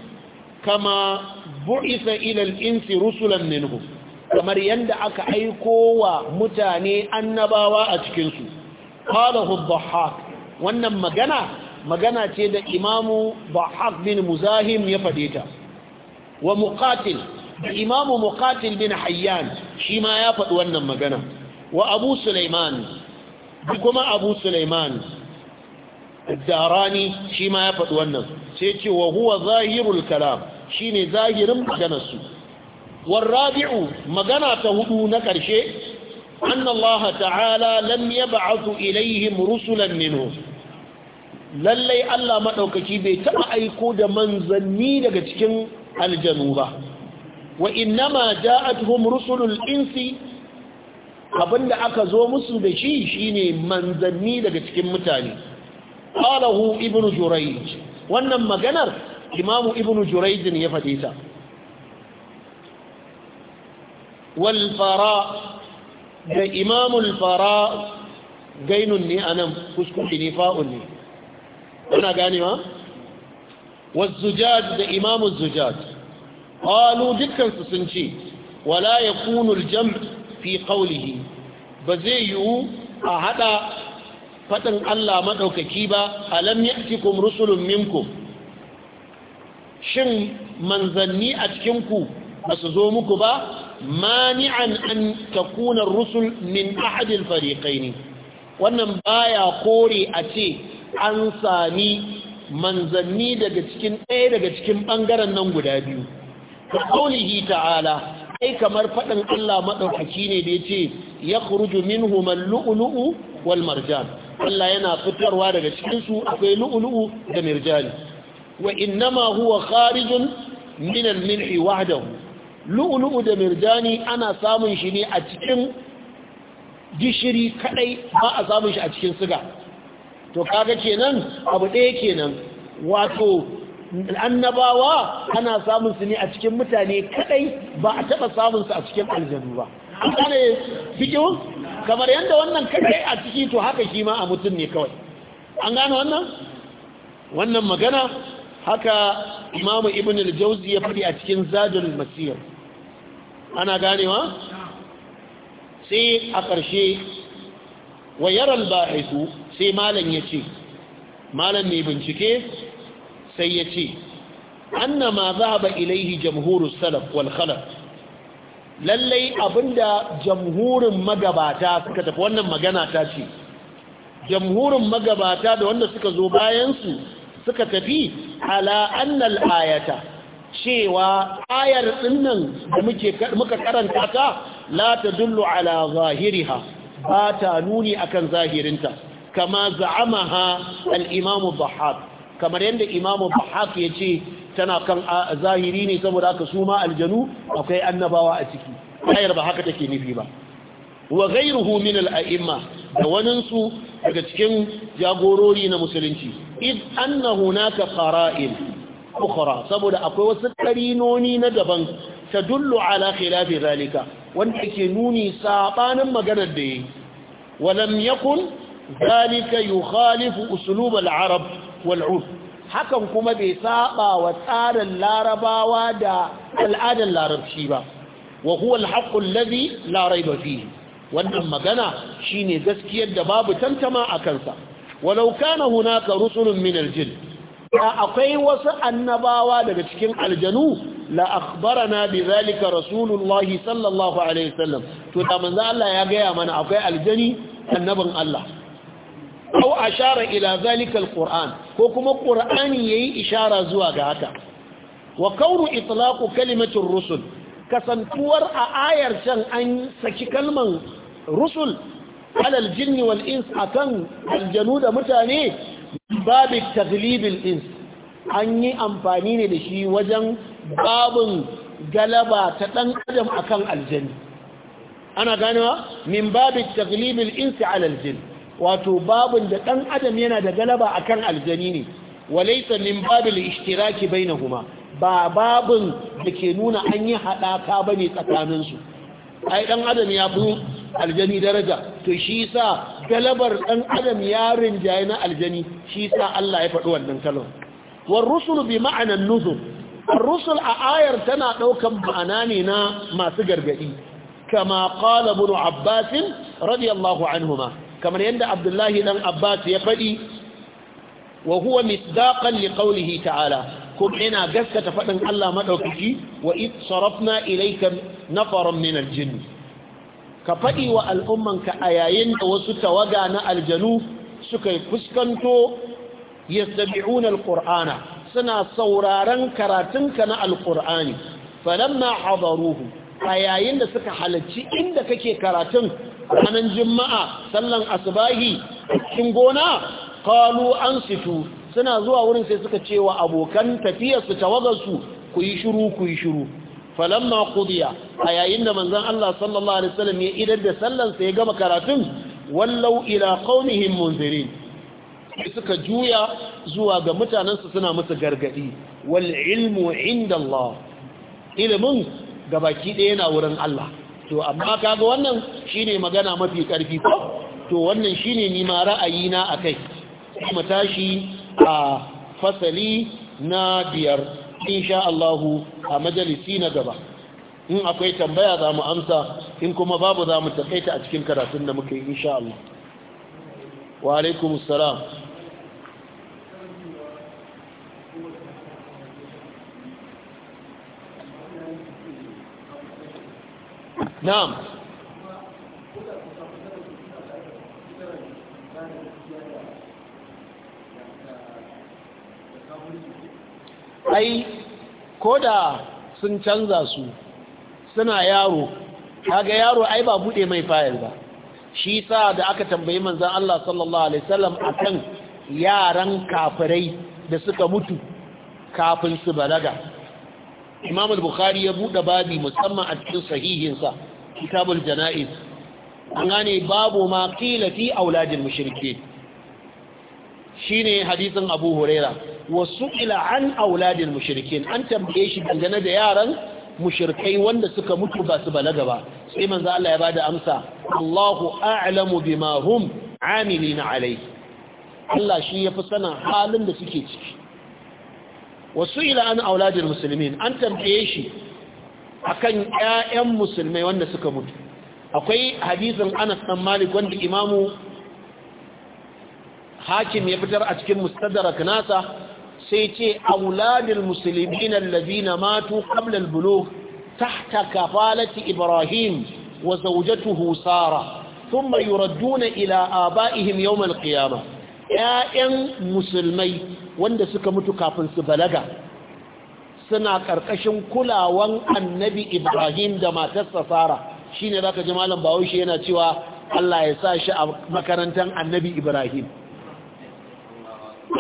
kama bu'itha ila insi rusulan minhum kamar yanda aka aiko wa mutane annabawa a cikin su qala hudhahak wannan magana magana ce da imamu bahak bin muzahim ya fadeta wa muqatil da imamu muqatil bin hayyan shi ma ya faɗi wannan magana wa abu suleiman kuma abu suleiman darani shi ma ya faɗi wannan sai ce wa huwa zahirul kalam shi ne zahirin maganarsu warrabi'u magana ta hudu na ƙarshe an ta'ala lam ya ba'atu ilayhim rusulan minhu lallai Allah maɗaukaci bai taɓa aiko da manzanni daga cikin aljanu ba wa innama ja'atuhum rusulul insi abinda aka zo musu da shi shine manzanni daga cikin mutane qalahu ibnu jurayj wannan maganar imamu ibnu jurayj ne ya fade ta wal fara da imamul fara gainun ne anan kuskure ne fa'un ne kuna ganewa والزجاج ده إمام الزجاج qalu dukkansu sun ce wala yakunu al-jam' fi qawlihi ba zai yiwu a hada fadin Allah madaukaki ba alam ya'tikum rusulun minkum shin manzanni a cikin ku ba su zo muku ba mani'an an takuna rusul min ahad al wannan baya kore a ce an sami manzanni daga cikin ɗaya daga cikin ɓangaren nan guda biyu qawlihi ta'ala ai kamar faɗin Allah maɗaukaki ne da ya ce ya kuruju min human lu'ulu'u wal marjan Allah yana fitarwa daga cikinsu akwai lu'ulu'u da mirjani wa innama huwa kharijun min al-milhi wahdahu lu'ulu'u da mirjani ana samun shi ne a cikin gishiri kadai ba a samun shi a cikin siga to kaga kenan abu ɗaya kenan wato annabawa ana samun su ne a cikin mutane kadai ba a taba samun su a cikin aljanu ba an gane fikihu kamar yadda wannan kadai a ciki to haka shi ma a mutum ne kawai an gane wannan wannan magana haka Imam ibn al-jawzi ya fadi a cikin zadul masir ana ganewa sai a ƙarshe wa yaral ba'isu sai malam yace malam ne bincike sai ya ce anna ma zahaba ilaihi jamhurus salaf wal lallai abinda jamhurin magabata suka tafi wannan magana ta ce jamhurin magabata da wanda suka zo bayansu suka tafi ala annal ayata cewa ayar dinnan da muka karanta ta la dullu ala zahiriha ba ta nuni akan zahirinta kama za'amaha al imamu dhahab kamar yadda imamu bahaq ya ce tana kan zahiri ne saboda aka suma aljanu akwai annabawa a ciki ayar ba haka take nufi ba wa ghayruhu min al-a'imma da waninsu daga cikin jagorori na musulunci id anna hunaka qara'in ukhra saboda akwai wasu karinoni na daban tadullu ala khilafi zalika wanda ke nuni sabanin maganar da yi walam yakun zalika yukhalifu uslub al-arab wal'uf hakan kuma bai saba wa tsarin larabawa da al'adar larabci ba wa huwa al-haqqul ladhi la rayba fihi wannan magana shine gaskiyar da babu tantama a kansa walau kana hunaka rusulun min al-jinn akwai wasu annabawa daga cikin aljanu la akhbarana bidhalika rasulullahi sallallahu alaihi wasallam to da manzo Allah ya gaya mana akwai aljani annabin Allah hau ashara ila zalika alquran ko kuma qur'ani yayi ishara zuwa ga haka wa kaunu itlaqu kalimatir rusul kasantuwar a ayar can an saki kalman rusul alal jinni wal ins akan aljanu da mutane babu taglibil ins an yi amfani ne da shi wajen babin galaba ta dan adam akan aljani ana ganewa min babu taglibil ins alal wato babin da ɗan adam yana da galaba akan aljani ne walaisa min babil ishtiraki bainahuma ba babin da ke nuna an yi haɗaka ba tsakanin su ai ɗan adam ya fi aljani daraja to shi sa galabar ɗan adam ya rinjaye na aljani shi sa Allah ya faɗi wannan kalon war rusul bi ma'anan nuzul ar-rusul a ayar tana ɗaukan ma'ana ne na masu gargadi kama qala ibn abbas radiyallahu anhuma kamar yadda abdullahi dan abbas ya faɗi wa huwa misdaqan liqawlihi ta'ala kuma ina gaskata faɗin Allah madaukaki wa id sarafna ilayka nafaran min aljinn ka faɗi wa al'ummanka a yayin da wasu tawaga na aljanu suka fuskanto yastabi'una alqur'ana suna sauraron karatunka na alqur'ani falamma hadaruhu a yayin da suka halarci inda kake karatun ranar juma'a sallan asubahi cikin gona kalu an situ suna zuwa wurin sai suka ce wa abokan tafiyarsu tawagarsu ku yi shiru ku yi shiru falamma qudiya a yayin da manzon Allah sallallahu alaihi wasallam ya idar da sallansa sa ya gama karatun wallau ila qaumihim munzirin suka juya zuwa ga mutanensu suna musu gargadi wal ilmu inda Allah ilimin gabaki ɗaya yana wurin Allah to amma kaga wannan shine magana mafi karfi ko to wannan shine ni ma ra'ayi na akai kuma tashi a fasali na biyar insha Allah a majalisi na gaba in akwai tambaya za mu amsa in kuma babu za mu takaita a cikin karatun da muke insha Allah wa alaikumus salam na'am ai ko sun canza su suna yaro kaga yaro ai ba bude mai fayil ba shi sa da aka tambayi manzon Allah sallallahu alaihi wasallam akan yaran kafirai da suka mutu kafin su balaga imam al-bukhari ya buɗe babi musamman a cikin sahihinsa kitabul jana'iz an gane babu ma qila fi auladil mushrikin shine hadisin abu huraira wasu ila an auladil mushrikin an tambaye shi dangane da yaran mushrikai wanda suka mutu ba su balaga ba sai manzo Allah ya bada amsa Allahu a'lamu bima hum amilina alai Allah shi yafi sanin halin da suke ciki wasu ila an auladin musulmin an tambaye shi akan ƴaƴan musulmai wanda suka mutu akwai hadisin Anas dan Malik wanda imamu hakim ya fitar a cikin mustadrak nasa sai ce auladul muslimin allazina matu qabla bulo, bulugh tahta kafalati ibrahim wa zawjatuhu sara thumma yuraduna ila abaihim yawm al-qiyamah ya'yan musulmai wanda suka mutu kafin su balaga suna karkashin kulawan annabi ibrahim da matarsa sara za ka ji malam bahaushe yana cewa Allah ya sa shi a makarantar annabi ibrahim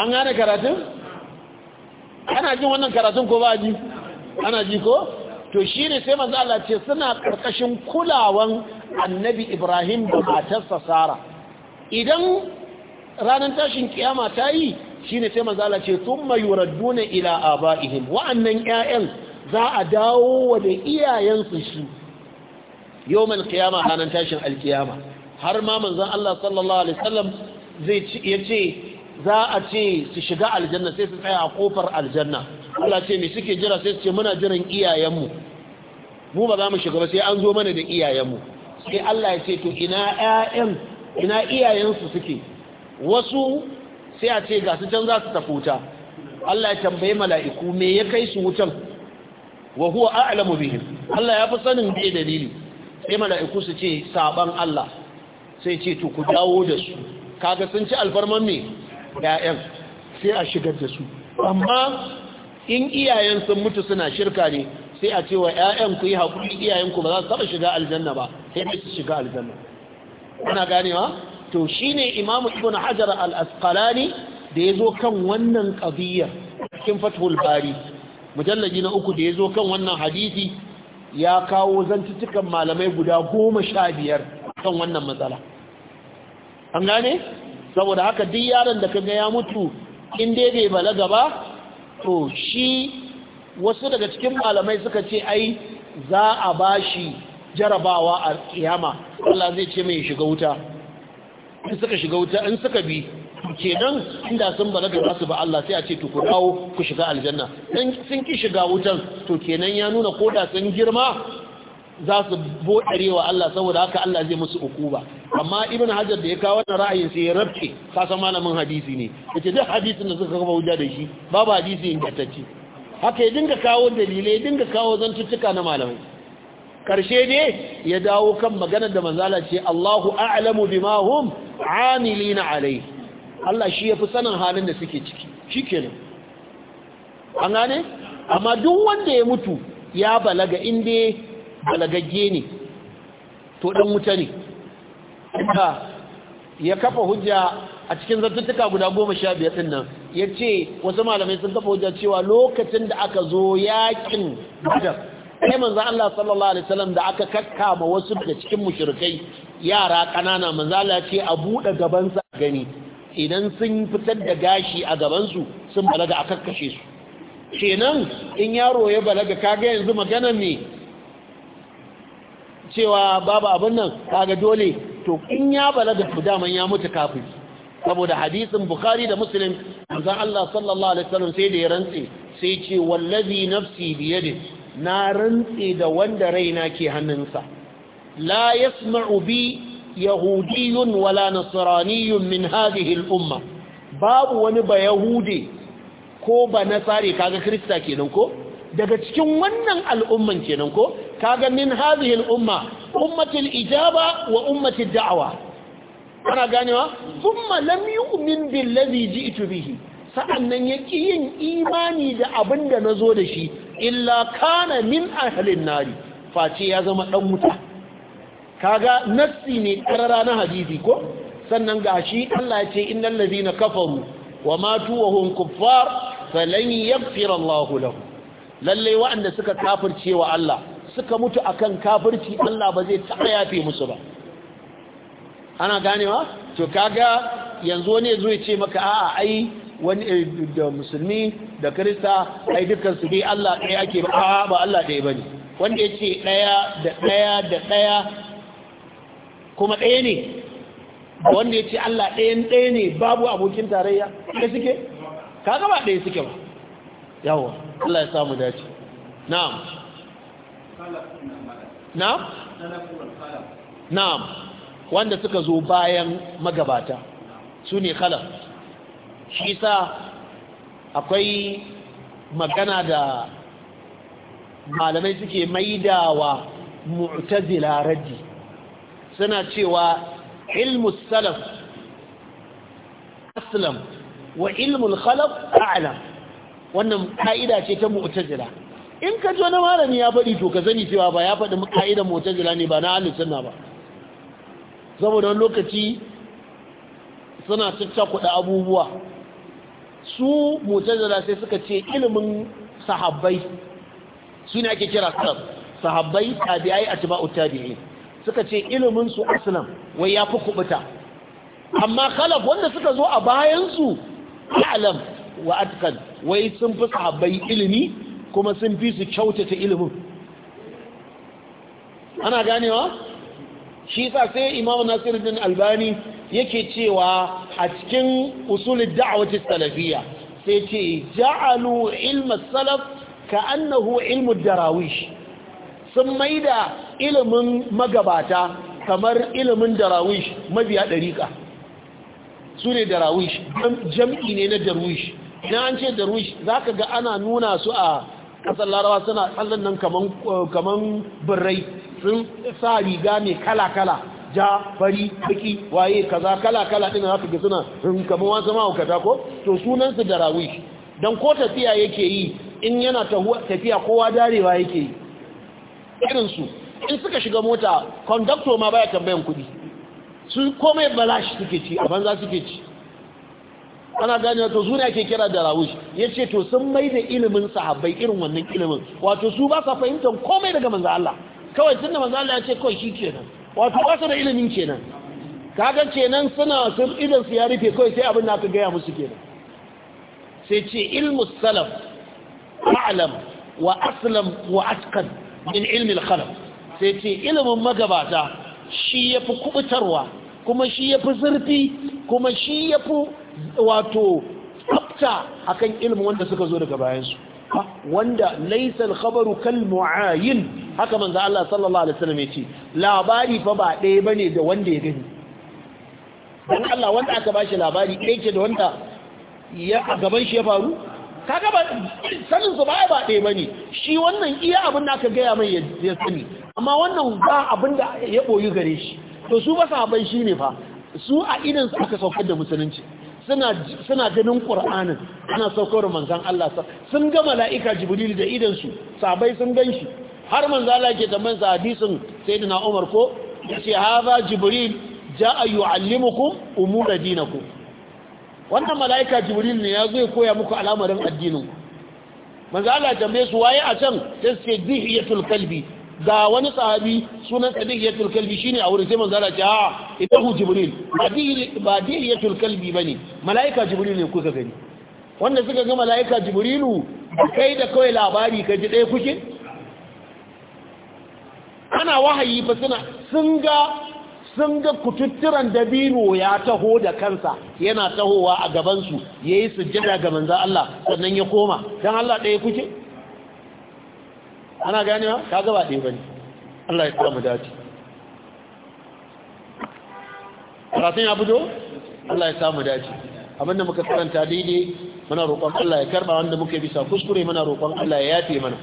an gane karatun? ana jin wannan karatun ko ba ji? ana ji ko? to shi ne sai manzo Allah ce suna karkashin kulawan annabi ibrahim da matarsa sara idan ranar tashin kiyama ta yi shine sai manzo Allah ce thumma yuradduna ila abaihim wa'annan ƴaƴan za a dawo wa da iyayensu su yawmal qiyama ranar tashin alkiyama har ma manzon Allah sallallahu alaihi sallam zai yace za a ce su shiga aljanna sai su tsaya a kofar aljanna Allah ce me suke jira sai su ce muna jiran iyayenmu mu ba za mu shiga ba sai an zo mana da iyayenmu sai Allah ya ce to ina ƴaƴan ina iyayensu suke wasu sai a ce ga su can za su tafi wuta Allah ya tambaye mala'iku me ya kai su wutan wa huwa a'lamu bihim Allah ya fi sanin da dalili sai mala'iku su ce saban Allah sai ce to ku dawo da su kaga sun ci alfarman me ya'yan sai a shigar da su amma in iyayen sun mutu suna shirka ne sai a ce wa ‘ya'yan ku yi hakuri iyayen ku ba za su taɓa shiga aljanna ba sai su shiga aljanna ana ganewa to ne imamu ibn hajar al-asqalani da yazo kan wannan qadiyya cikin fathul bari mujallaji na uku da yazo kan wannan hadisi ya kawo zantutukan malamai guda goma sha biyar kan wannan matsala an gane saboda haka duk yaron da kaga ya mutu in dai bai balaga ba to shi wasu daga cikin malamai suka ce ai za a bashi jarabawa a kiyama Allah zai ce mai shiga wuta in suka shiga wuta in suka bi kenan inda sun balaga za su ba Allah sai a ce to ku dawo ku shiga aljanna dan sun ki shiga wutan to kenan ya nuna ko da sun girma za su bodarewa Allah saboda haka Allah zai musu ukuba amma ibn hajar da ya kawo wannan ra'ayin sai ya rabce san malamin hadisi ne yace duk hadisin da suka kafa hujja da shi babu hadisi ingantacce haka ya dinga kawo dalilai ya dinga kawo zantuttuka na malamai karshe ne ya dawo kan maganar da manzala ce Allahu a'lamu bima hum amilina alai Allah shi yafi sanin halin da suke ciki shikenan an gane amma duk wanda ya mutu ya balaga inda balagagge ne to dan wuta ne ya kafa hujja a cikin zartuttuka guda goma sha biyar ɗin nan ya ce wasu malamai sun kafa hujja cewa lokacin da aka zo yakin gudan. sai manzo Allah sallallahu alaihi wasallam da aka kakkama wasu da cikin mushrikai yara kanana manzo Allah ce a bude gaban sa gani idan sun fitar da gashi a gaban su sun balaga a kakkashe su kenan in yaro ya balaga kaga yanzu magana ne cewa babu abin nan kaga dole to in ya balaga to daman ya mutu kafin saboda hadisin bukhari da muslim manzo Allah sallallahu alaihi wasallam sai da ya rantse sai ce wallazi nafsi biyadihi na rantse da wanda raina ke hannunsa la yasma'u bi yahudiyun wala nasraniyun min hadhihi al-umma babu wani ba yahudi ko ba nasari kaga krista kenan ko daga cikin wannan al'umman kenan ko kaga min hadhihi al-umma ummatul ijaba wa ummatud da'wa kana ganewa thumma lam yu'min bil ji'tu bihi sa'annan yaki yin imani da abinda nazo da shi illa kana min ahalin nari face ya zama dan wuta kaga nassi ne karara na hadisi ko sannan gashi Allah ya ce innal ladina kafaru wa matu wa hum kuffar falan yaghfir Allahu lahum lalle waɗanda suka kafirce wa Allah suka mutu akan kafirci Allah ba zai taɓa yafe musu ba ana ganewa to kaga yanzu ne zo ya ce maka a'a ai wani eh, da musulmi da krista ai dukkan su dai Allah ɗaya ake ba ba Allah ɗaya bane wanda yace ɗaya da ɗaya da ɗaya kuma ɗaya ne wanda yace Allah ɗayan ɗaya ne babu abokin tarayya da suke kaga ba ɗaya suke ba yawa Allah ya samu dace na'am na'am na'am wanda suka zo bayan magabata su ne khalaf shi sa akwai magana da malamai suke maida wa mu'tazila raddi suna cewa ilmu salaf aslam wa ilmul khalaf a'lam wannan ka'ida ce ta mu'tazila in ka ji wani malami ya faɗi to ka zani cewa ba ya faɗi ka'idan mu'tazila ne ba na ahlus sunna ba saboda lokaci suna tattakuɗa abubuwa su mutazala sai suka ce ilimin sahabbai su ne ake kira salaf sahabbai tabi'ai atba'u tabi'in suka ce ilimin su aslam wai ya fi kubuta amma khalaf wanda suka zo a bayan su alam wa atqan wai sun fi sahabbai ilimi kuma sun fi su kyautata ilimin ana ganewa shi sa sai imamu nasiruddin albani yake cewa a cikin usulun da'awati salafiya sai ce ja'alu ilmu salaf ka annahu ilmu darawish sun maida ilimin magabata kamar ilimin darawish mabiya dariƙa su ne darawish jam'i ne na darwish na an ce darwish za ka ga ana nuna su a ƙasar larawa suna tsallon nan kaman birrai sun sa riga mai kala-kala ja fari baki waye kaza kala-kala ɗin za su ga suna hmm, kamar wasu ma'aukata ko to sunansu da rawish don ko tafiya yake yi in yana tafiya kowa darewa yake yi irinsu in suka shiga mota kondakto ma baya tambayan kudi su komai balashi suke ci a banza suke ci ana gane wato zuwa ke kira da rawush ya ce to sun mai da ilimin sahabbai irin wannan ilimin wato su ba sa fahimtar komai daga manzo Allah kawai tunda da Allah ya ce kawai shi nan wato ƙasa da ilimin kenan kaga kenan suna sun idan su ya rufe kawai sai abin da aka gaya musu kenan sai ce ilmu salaf ma'alam wa aslam wa atqan min ilmi al sai ce ilimin magabata shi ya fi kubutarwa kuma shi ya fi zurfi kuma shi ya fi wato tsafta akan ilimin wanda suka zo daga bayansu wanda laisan al-khabaru kal mu'ayin haka manzo Allah sallallahu alaihi wasallam yace labari fa ba ɗaya bane da wanda ya gani dan Allah wanda aka bashi labari ɗaya ce da wanda ya a gaban shi ya faru kaga ba sanin su ba ba ɗaya bane shi wannan iya abin da aka gaya mai ya sani amma wannan ba abin da ya boyi gare shi to su ba shi shine fa su a idan su aka saukar da musulunci suna ganin ƙura'anin ana saukar manzan Allah sun ga mala'ika jibril da idansu sabai sun gan shi har manzan Allah ke tambansa hadisin sai da umar ko ya ce haza jibril ja a yi alimuku umura dinaku wannan mala'ika jibril ne ya zai koya muku al'amarin addinin manzan Allah tambaye su waye a can sai zai iya zihiyatul kalbi ga wani sahabi sunan sadiyatul kalbi shine a wurin sai manzo ce a idahu jibril ba diyatul kalbi bane malaika jibril ne kuka gani wanda suka ga malaika jibrilu kai da kawai labari ka ji ɗaya kuke ana wahayi fa suna sun ga sun ga kututturan dabino ya taho da kansa yana tahowa a gabansu ya yi sujjada ga manzan Allah sannan ya koma dan Allah ɗaya kuke ana ganewa ka gaba ɗaya bane Allah ya mu dace karatun ya fito Allah ya samu dace abinda muka karanta daidai muna roƙon Allah ya karɓa wanda muka bisa kuskure muna roƙon Allah ya yafe mana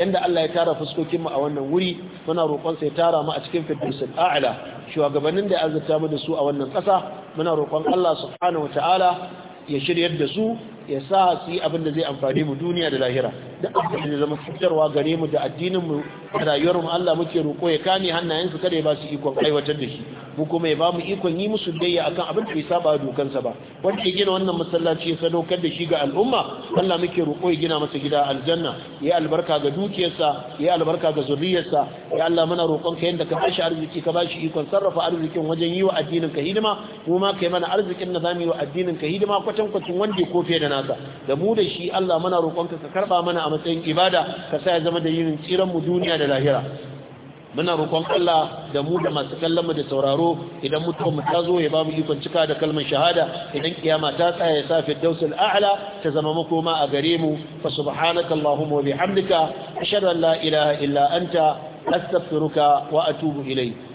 inda Allah ya tara fuskokinmu a wannan wuri muna roƙon sai tara mu a cikin firdausul a'la shugabannin da ya azurta mu da su a wannan ƙasa muna roƙon Allah subhanahu ta'ala ya shiryar da su ya sa su yi abin zai amfani mu duniya da lahira da abin da zama fitarwa gare mu da addinin mu da rayuwar mu Allah muke roƙo ya kame hannayensu kada ya ba su ikon aiwatar da shi mu kuma ya ba mu ikon yi musu dayya akan abin da bai saba sa ba wanda ya gina wannan masallaci ya sadaukar da shi ga al'umma Allah muke roƙo ya gina masa gida aljanna ya albarka ga dukiyarsa ya albarka ga zuriyarsa ya Allah muna roƙon ka yanda ka bashi arziki ka ba shi ikon sarrafa arzikin wajen yi wa addinin ka hidima mu ma kai mana arzikin na zamu yi wa addinin ka hidima kwatankwacin wanda ya kofe da nasa da mu da shi Allah muna roƙon ka ka karba mana matsayin ibada ka sa ya zama da yin tsiran mu duniya da lahira muna roƙon Allah da mu da masu kallon mu da sauraro idan mutuwar mu ta zo ya bamu ikon cika da kalmar shahada idan kiyama ta tsaya ya sa firdausul a'la ta zama makoma a gare mu fa subhanaka allahumma wa bihamdika ashhadu an la ilaha illa anta astaghfiruka wa atubu ilayk